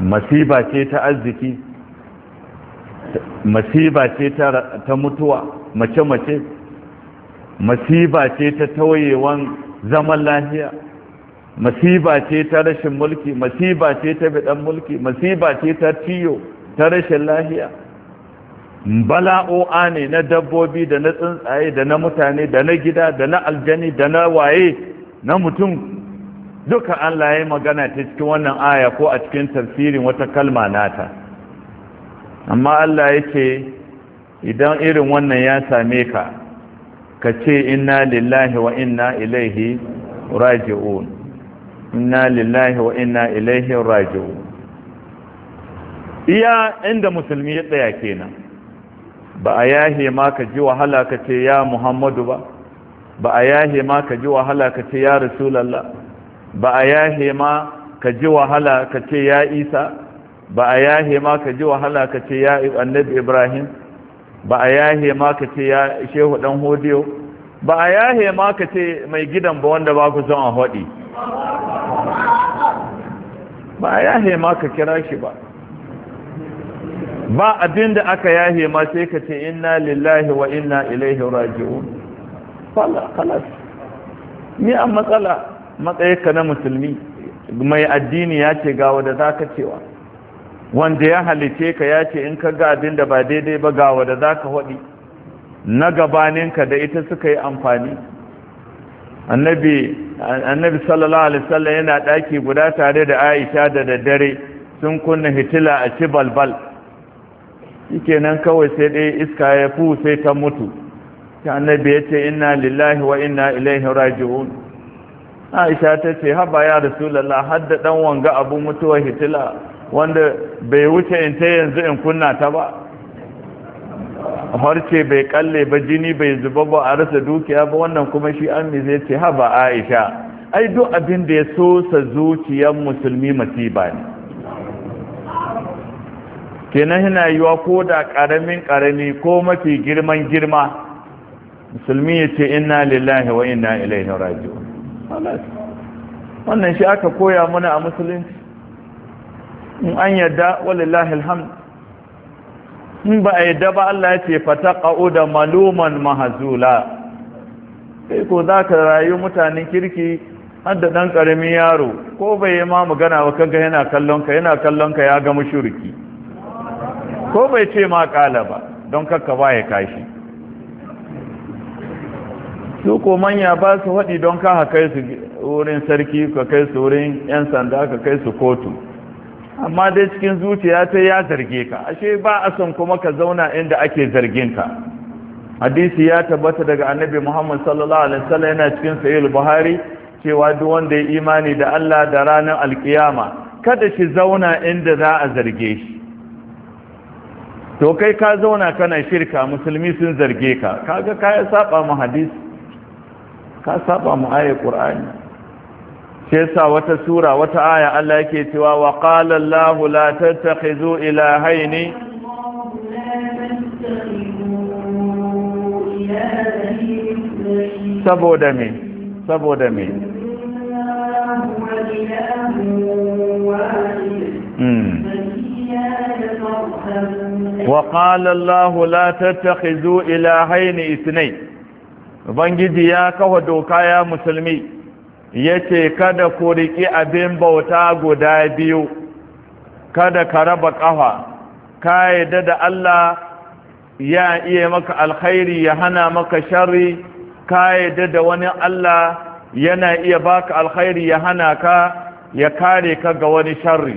masiba ce ta arziki masiba ce ta mutuwa mace-mace masiba ce ta tawayewan zaman lahiya masiba ce ta rashin mulki masiba ce ta bidan mulki masiba ce ta ciyo ta rashin lahiya bala'o'a ne na dabbobi da na tsuntsaye da na mutane da na gida da na aljani da na waye na mutum duka Allah ya magana ta cikin wannan aya ko a cikin tafsirin wata kalma nata amma Allah ya ce idan irin wannan ya same ka ka ce inna lillahi wa inna ilaihi raji'un inna lillahi wa inna ilaihi raji'u iya inda musulmi ya tsaya kenan ba a yahe ma ka ji wahala ka ce ya muhammadu ba ba a yahe ma ka ji wahala ka ce ya rasulallah ba a yahe ma ka ji wahala ka ce ya isa ba a yahe ma ka ji wahala ka ce ya annabi ibrahim ba a yahe ma ka ce ya shehu dan hodiyo ba a yahe ma ka ce mai gidan ba wanda ba ku son a hodi ba yahe ma ka kira shi ba ba abin da aka yahe ma sai ka ce inna lillahi wa inna ilaihi raji'un fala khalas ni a matsala matsayinka na musulmi mai addini ya ce ga wanda zaka cewa wanda ya halice ka ya ce in ka ga abin da ba daidai ba ga wanda zaka hodi na gabaninka da ita suka yi amfani annabi annabi sallallahu alaihi wasallam yana daki guda tare da Aisha da daddare sun kunna hitila a cibalbal. balbal kawai sai dai iska ya fu sai ta mutu ta annabi ce inna lillahi wa inna ilaihi raji'un Aisha ta ce haba ya rasulullah har da dan wanga abu mutuwa hitila wanda bai wuce in ta yanzu in kunna ta ba harce bai kalle ba jini bai zuba ba a rasa dukiya ba wannan kuma shi an zai ce haba aisha ai duk abin da ya sosa zuciyar musulmi masiba ne kenan yana yiwa ko da karamin karami ko mafi girman girma musulmi ya ce inna lillahi wa inna ilaihi raji'un wannan shi aka koya mana a musulunci in an yarda walillahi alhamdu in ba a yadda ba Allah ya ce fata ƙa'u da maluman mahazula sai ko za ka rayu mutanen kirki har da ɗan karamin yaro ko bai yi ma magana ba kaga yana kallon ka yana kallon ka ya gama shirki ko bai ce ma kala ba don kakka ba ya kashi su ko manya ba su haɗi don ka kai su wurin sarki ka kai su wurin 'yan sanda ka kai su kotu amma dai cikin zuciya ta ya zarge ka ashe ba a son kuma ka zauna inda ake zargin ka hadisi ya tabbata daga annabi muhammad sallallahu alaihi wasallam yana cikin sahih buhari cewa duk wanda ya imani da Allah da ranar alkiyama kada shi zauna inda za a zarge shi to kai ka zauna kana shirka musulmi sun zarge ka kaga ka saba mu hadisi ka saba mu ayat qur'ani shi sa wata sura wata aya Allah yake cewa wa qala Allahu la tattakhizu ilahaini saboda me saboda me hmm. wa qala Allahu la tattakhizu ilahaini ithnay ubangiji ya kawo doka ya musulmi Ya ce kada ku riƙi abin bauta guda biyu kada ka raba ƙafa ka yadda da Allah ya iya maka alkhairi ya hana maka shari ka yadda da wani Allah yana iya baka alkhairi ya hana ka ya kare ka ga wani sharri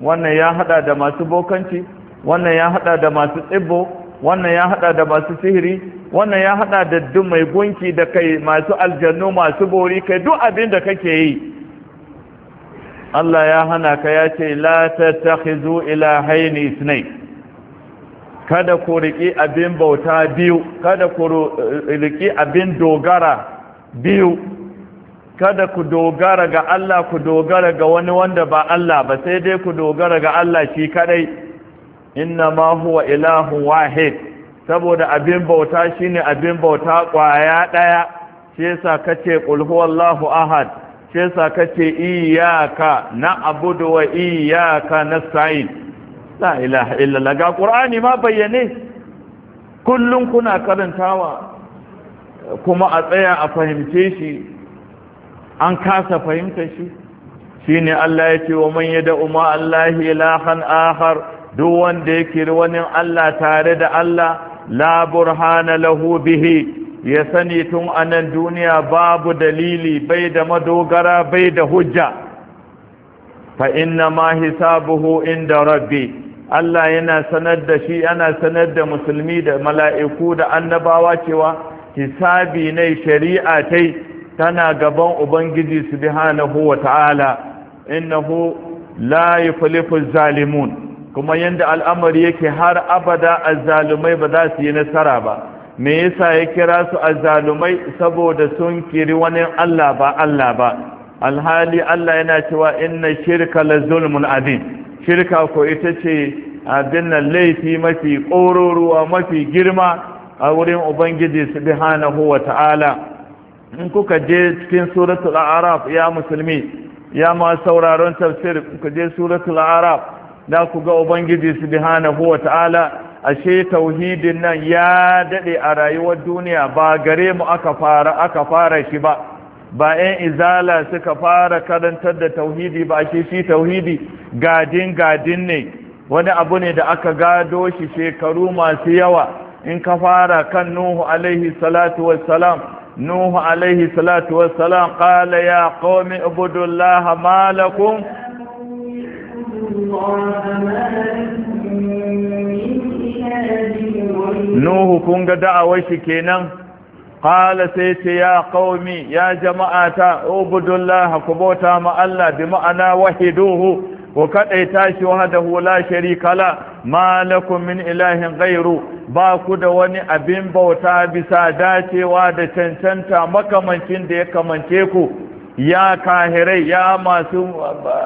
wannan ya hada da masu bokanci wannan ya hada da masu tsibbo wannan ya hada da masu sihiri wannan ya hada da duk mai gunki da kai masu aljannu masu bori kai duk abin da kake yi Allah ya hana ka ya ce la tattakhizu ilahaini ithnay kada ku riki abin bauta biyu kada ku riki abin dogara biyu kada ku dogara ga Allah ku dogara ga wani wanda ba Allah ba sai dai ku dogara ga Allah shi kadai inna ma huwa ilahu wahid saboda abin bauta shine abin bauta kwaya daya sai sa kace qul huwallahu ahad sai sa kace iyyaka na'budu wa iyyaka nasta'in la ilaha illa Allah ga qur'ani ma bayyane kullun kuna karantawa kuma a tsaya a fahimce shi an kasa fahimta shi shine Allah ya ce wa man yad'u ma Allah ilahan akhar duk wanda ya kiri wani Allah tare da Allah la burhana lahu bihi ya sani tun a nan duniya babu dalili bai da madogara bai da hujja fa inna ma hisabuhu inda rabbi Allah yana sanar da shi ana sanar da musulmi da mala'iku da annabawa cewa hisabi ne shari'a tai tana gaban ubangiji subhanahu wa ta'ala innahu la yuflihu zalimun kuma yadda al'amari yake har abada azzalumai ba za su yi nasara ba me yasa ya kira su azzalumai saboda sun kiri wani Allah ba Allah ba alhali Allah yana cewa inna shirka la zulmun shirka ko ita ce abin laifi mafi ƙororuwa mafi girma a wurin ubangiji subhanahu wa ta'ala in kuka je cikin suratul araf ya musulmi ya ma sauraron tafsir kuka je suratul araf na ku ga ubangiji subhanahu wa ta'ala ashe tauhidin nan ya dade a rayuwar duniya ba gare mu aka fara aka fara shi ba ba ƴan izala suka fara karantar da tauhidi ba ashe shi tauhidi gadin gadin ne wani abu ne da aka gado shi shekaru masu yawa in ka fara kan nuhu alaihi salatu wassalam nuhu alaihi salatu wassalam qala ya qaumi ibudullaha Nuhu kun ga da'awar shi kenan qala sai ce ya qaumi ya jama'ata ubudullaha ku bauta ma Allah bi ma'ana wahiduhu wa kadaita shi wahdahu la sharika la ma min ilahin ghairu ba ku da wani abin bauta bisa dacewa da cancanta makamancin da ya kamance ku ya kahirai ya masu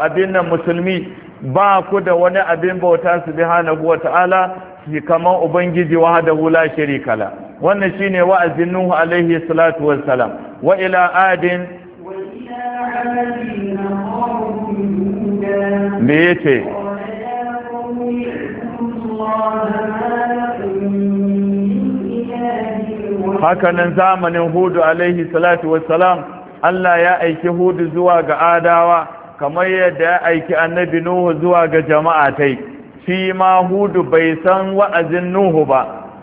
abin nan musulmi ba ku da wani abin bauta subhanahu wata'ala shi kaman ubangiji wahdahu la shiri kala. wannan shine wa'azin nuhu alaihi salatu wassalam wa ila adin me yace hakanan zamanin hudu alaihi salatu wassalam Allah ya aiki hudu zuwa ga adawa kamar yadda ya aiki annabi nuhu zuwa ga jama'a tai shi ma hudu bai san wa'azin nuhu ba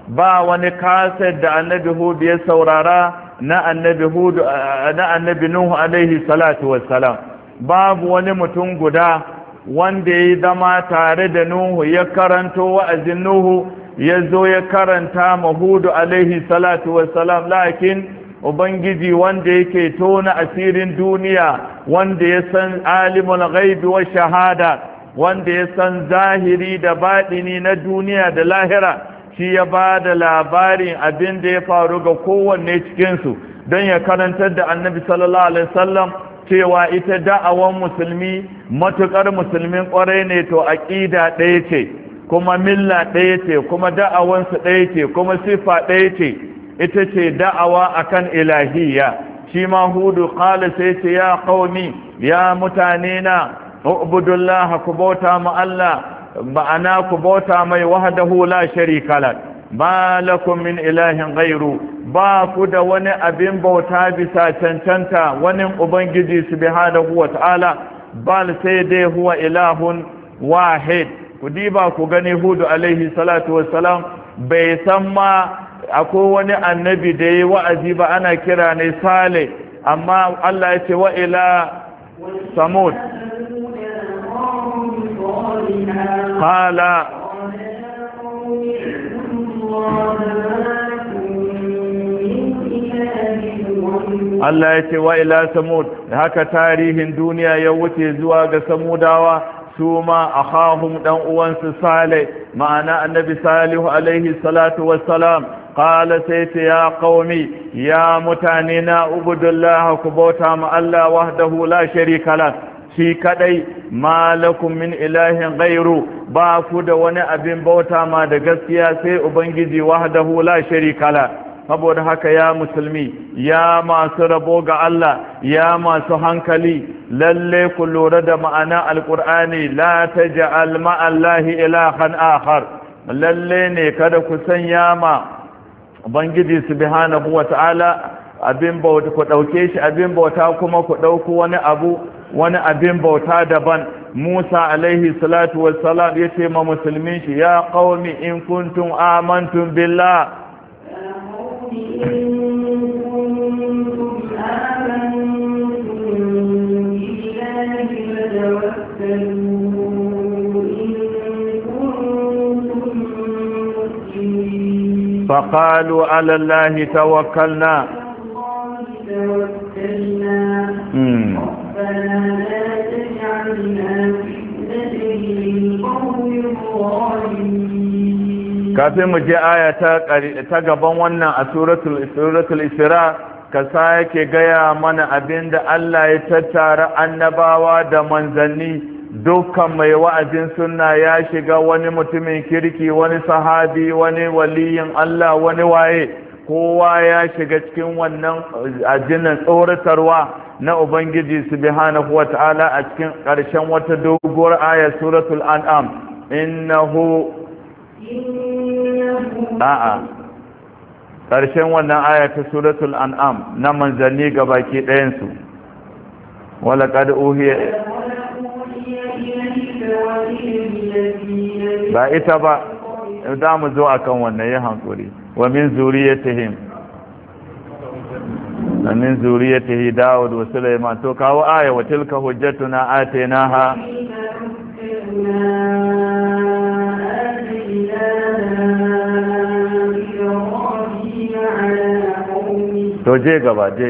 ba wani kaset da annabi hudu ya saurara na annabi hudu na annabi nuhu alaihi salatu wassalam babu wani mutum guda wanda ya zama tare da nuhu ya karanto wa'azin nuhu ya zo ya karanta mahudu alaihi salatu wassalam lakin ubangiji wanda yake tona asirin duniya wanda ya san alimul ghaibi wa shahada wanda ya san zahiri da baɗini na duniya da lahira shi ya ba da labarin abin da ya faru ga kowanne cikinsu don ya karantar da annabi sallallahu alaihi wasallam cewa ita da'awan musulmi matukar musulmin kwarai ne to aƙida ɗaya ce kuma milla ɗaya ce kuma da'awansu ɗaya ce kuma sifa ɗaya ce ita ce da'awa akan ilahiyya shi ma hudu qala sai ce ya qaumi ya mutane na ubudullah ku bauta ma Allah ba'ana ku bauta mai wahdahu la sharika la ba lakum min ilahin ghairu ba ku da wani abin bauta bisa cancanta wani ubangiji subhanahu ta'ala? bal sai dai huwa ilahun wahid ku diba ku gani hudu alaihi salatu wassalam bai san ma Ako wani annabi da ya wa'azi ba ana kira ne sale amma Allah ya ce wa ila samud qala Allah ya ce wa ila da haka tarihin duniya ya wuce zuwa ga samudawa su ma akhahum dan uwansu sale ma'ana annabi salihu alaihi salatu wassalam Ƙala sai ta ya qaumi ya mutane na ubudullah ku bauta ma Allah wahdahu la shiri kala. shi kaɗai malakumin min ilahin ghairu ba ku da wani abin bauta ma da gaskiya sai ubangiji wahdahu la sharika saboda haka ya musulmi ya masu rabo ga Allah ya masu hankali lalle ku lura da ma'ana Alƙur'ani, la taj'al ma'allahi ilahan akhar lalle ne kada ku san yama. ubangiji subhanahu wata'ala abin bauta ku dauke shi abin bauta kuma ku dauko wani abu wani abin bauta daban Musa alaihi salatu wassalam yace ma musulmin shi ya qaumi in kuntum amantum billah Thank you. فقالوا على الله توكلنا kafin mu je aya ta gaban wannan a suratul isra ka sake gaya mana abinda Allah ya tattara annabawa da manzanni dukkan mai wa'azin sunna ya shiga wani mutumin kirki wani sahabi wani waliyin Allah wani waye kowa ya shiga cikin wannan ajinan tsoratarwa na Ubangiji subhanahu wata'ala a cikin ƙarshen wata doguwar aya suratul an'am innahu a'a ƙarshen wannan aya ta suratul an'am na manzanni ga baki ɗayansu wala qad uhiya ba ita ba za mu zo kan wannan ya hankuri wa min zuriyatihim wa min zuriyatihi Dawud wa Sulaiman to kawo aya wa tilka hujjatuna atainaha to je gaba je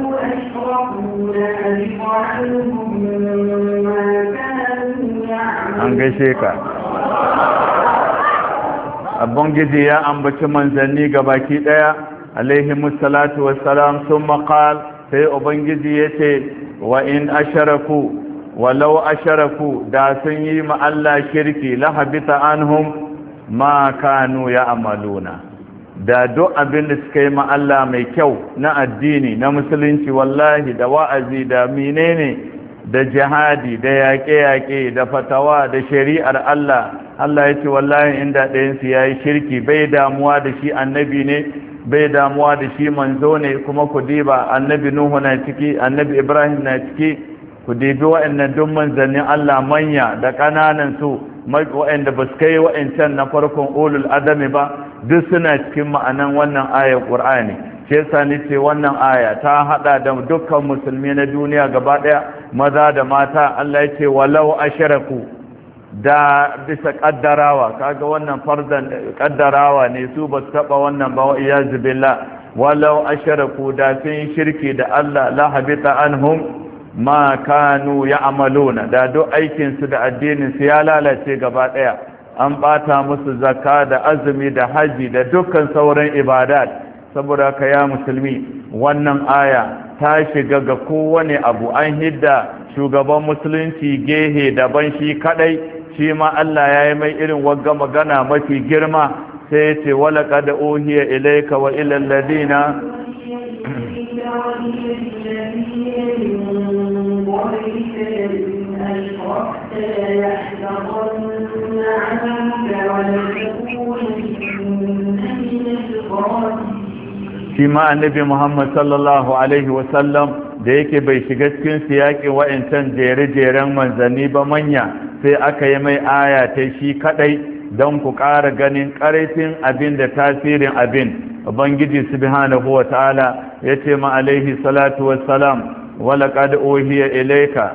an gaishe ka abin gizi ya ambaci manzanni ga baki daya alaihi musallatu wassalam sun makal sai ubangiji ya ce wa in asharaku walau asharaku da sun yi ma'alla kirki lahabita anhum ma kanu ya amaluna da duk abin da suka yi ma Allah mai kyau na addini na musulunci wallahi da wa'azi da menene da jihadi da yaƙe-yaƙe da fatawa da shari'ar Allah Allah ya ce wallahi inda ɗayansu ya yi shirki bai damuwa da shi annabi ne bai damuwa da shi manzo ne kuma ku diba annabi Nuhu na ciki annabi Ibrahim na ciki ku dibi wa'annan duk manzannin Allah manya da ƙananan su waɗanda ba su kai waɗancan na farkon ulul adami ba duk suna cikin ma'anan wannan ayar qur'ani Ke Sani ce wannan aya ta hada da dukkan musulmi na duniya gaba daya maza da mata Allah yake walau asharaku da bisa kaddarawa kaga wannan farzan kaddarawa ne su ba taba wannan ba iya zubilla walau asharaku da sun shirki da Allah la habita anhum ma kanu ya'maluna da duk aikinsu da addinin su ya lalace gaba daya an ɓata musu zakka da azumi da haji da dukkan sauran ibada saboda ka ya musulmi wannan aya ta shiga ga kowane abu an hidda shugaban musulunci gehe daban shi kadai shi ma Allah ya yi mai irin wagga magana mafi girma sai ya ce wala kada ohiya ilaika wa ilal ladina shi ma annabi muhammad sallallahu alaihi wasallam da yake bai shiga cikin siyaƙin wa'incan jere-jeren manzanni ba manya sai aka yi mai aya ta shi kaɗai don ku ƙara ganin ƙarfin abin da tasirin abin ubangiji subhanahu wa ta'ala ya ce ma alaihi salatu wassalam wala qad uhiya ilayka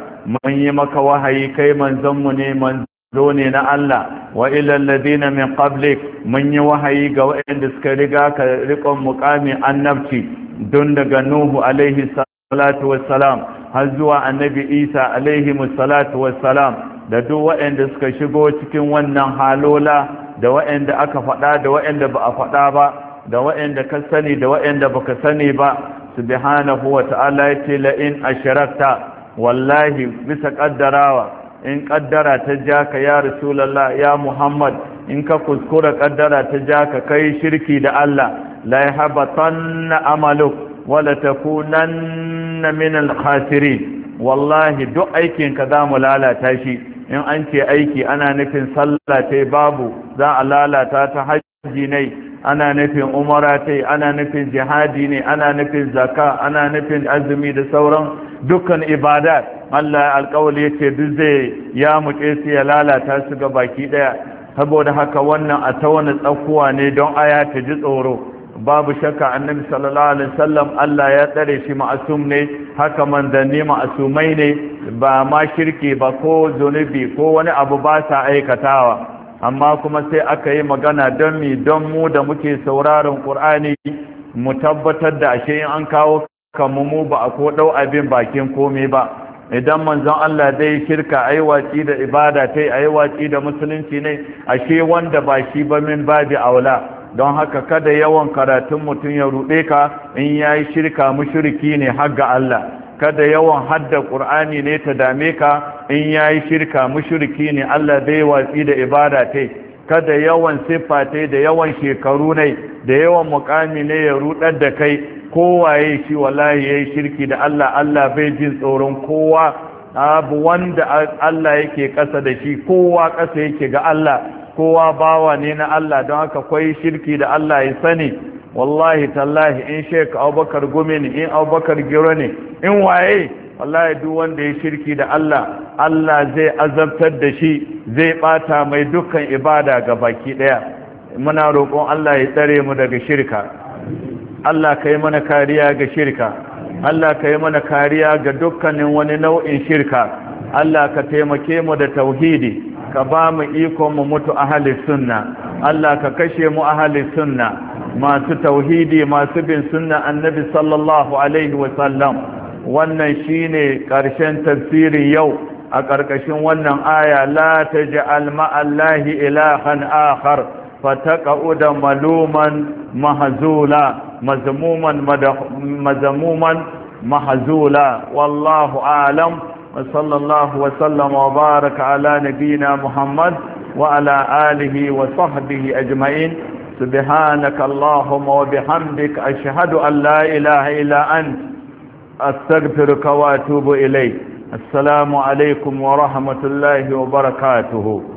yi maka wahayi kai manzanmu ne manzan zo ne na Allah wa ilal ladina min qablik mun yi wahayi ga waɗanda suka riga ka riƙon muƙamin annabci don daga Nuhu alaihi salatu wassalam har zuwa annabi Isa alaihi salatu wassalam da duk waɗanda suka shigo cikin wannan halola da waɗanda aka faɗa da waɗanda ba a faɗa ba da waɗanda ka sani da waɗanda baka sani ba subhanahu wa ta'ala yace la in wallahi bisa ƙaddarawa. in kaddara ta ja-ka, ya Rasulallah, ya muhammad in ka kuskura kaddara ta ja-ka, kai shirki da Allah la yahbatanna amaluk wala takunanna min al wallahi duk aikin ka za mu lalata shi in an ce aiki ana nufin sallah ta babu za a lalata ta hajji ne ana nufin umara ta ana nufin jihadi ne ana nufin zaka ana nufin azumi da sauran dukkan ibadat Allah alkawali ya ce duk zai ya muke su ya lalata su ga baki ɗaya saboda haka wannan a ta wani tsakuwa ne don aya ta ji tsoro babu shakka annabi sallallahu alaihi wasallam Allah ya tsare shi ma'asum ne haka manzanni ma'asumai ne ba ma shirki ba ko zunubi ko wani abu ba sa aikatawa amma kuma sai aka yi magana don mi don mu da muke sauraron Qur'ani mu tabbatar da ashe in an kawo kammu mu ba a ko dau abin bakin komai ba idan manzon Allah dai shirka ai watsi da ibada tai ai waki da musulunci ne ashe wanda ba shi ba min babi aula don haka kada yawan karatun mutum ya rube ka in yayi shirka mushriki ne har ga Allah kada yawan hadda qur'ani ne ta dame ka in yayi shirka mushriki ne Allah dai watsi da ibada tai kada yawan siffa da yawan shekaru ne da yawan mukami ne ya rudar da kai kowaye shi wallahi yi shirki da Allah Allah bai jin tsoron kowa abu wanda Allah yake kasa da shi kowa kasa yake ga Allah kowa bawa ne na Allah don haka kwai shirki da Allah ya sani wallahi tallahi in Sheikh Abubakar Gumi ne in Abubakar Giro ne in waye wallahi duk wanda ya shirki da Allah Allah zai azabtar da shi zai bata mai dukkan ibada ga baki daya muna roƙon Allah ya tsare mu daga shirka Allah ka yi mana kariya ga shirka Allah ka yi mana kariya ga dukkanin wani nau'in shirka Allah ka taimake mu da tauhidi ka ba mu iko mu mutu ahli sunna Allah ka kashe mu ahli sunna masu tauhidi masu bin sunna annabi sallallahu alaihi wa sallam wannan shine karshen tafsirin yau a ƙarƙashin wannan aya la taj'al ma'allahi ilahan akhar fataka uda maluman mahazula mazamuman mazmuman mahazula wallahu alam wa sallallahu wa baraka ala nabina muhammad wa ala alihi wa sahbihi ajma'in subhanaka allahumma wa a ashhadu an la ilaha illa ant astaghfiruka wa atubu ilayk assalamu alaykum wa rahmatullahi wa barakatuh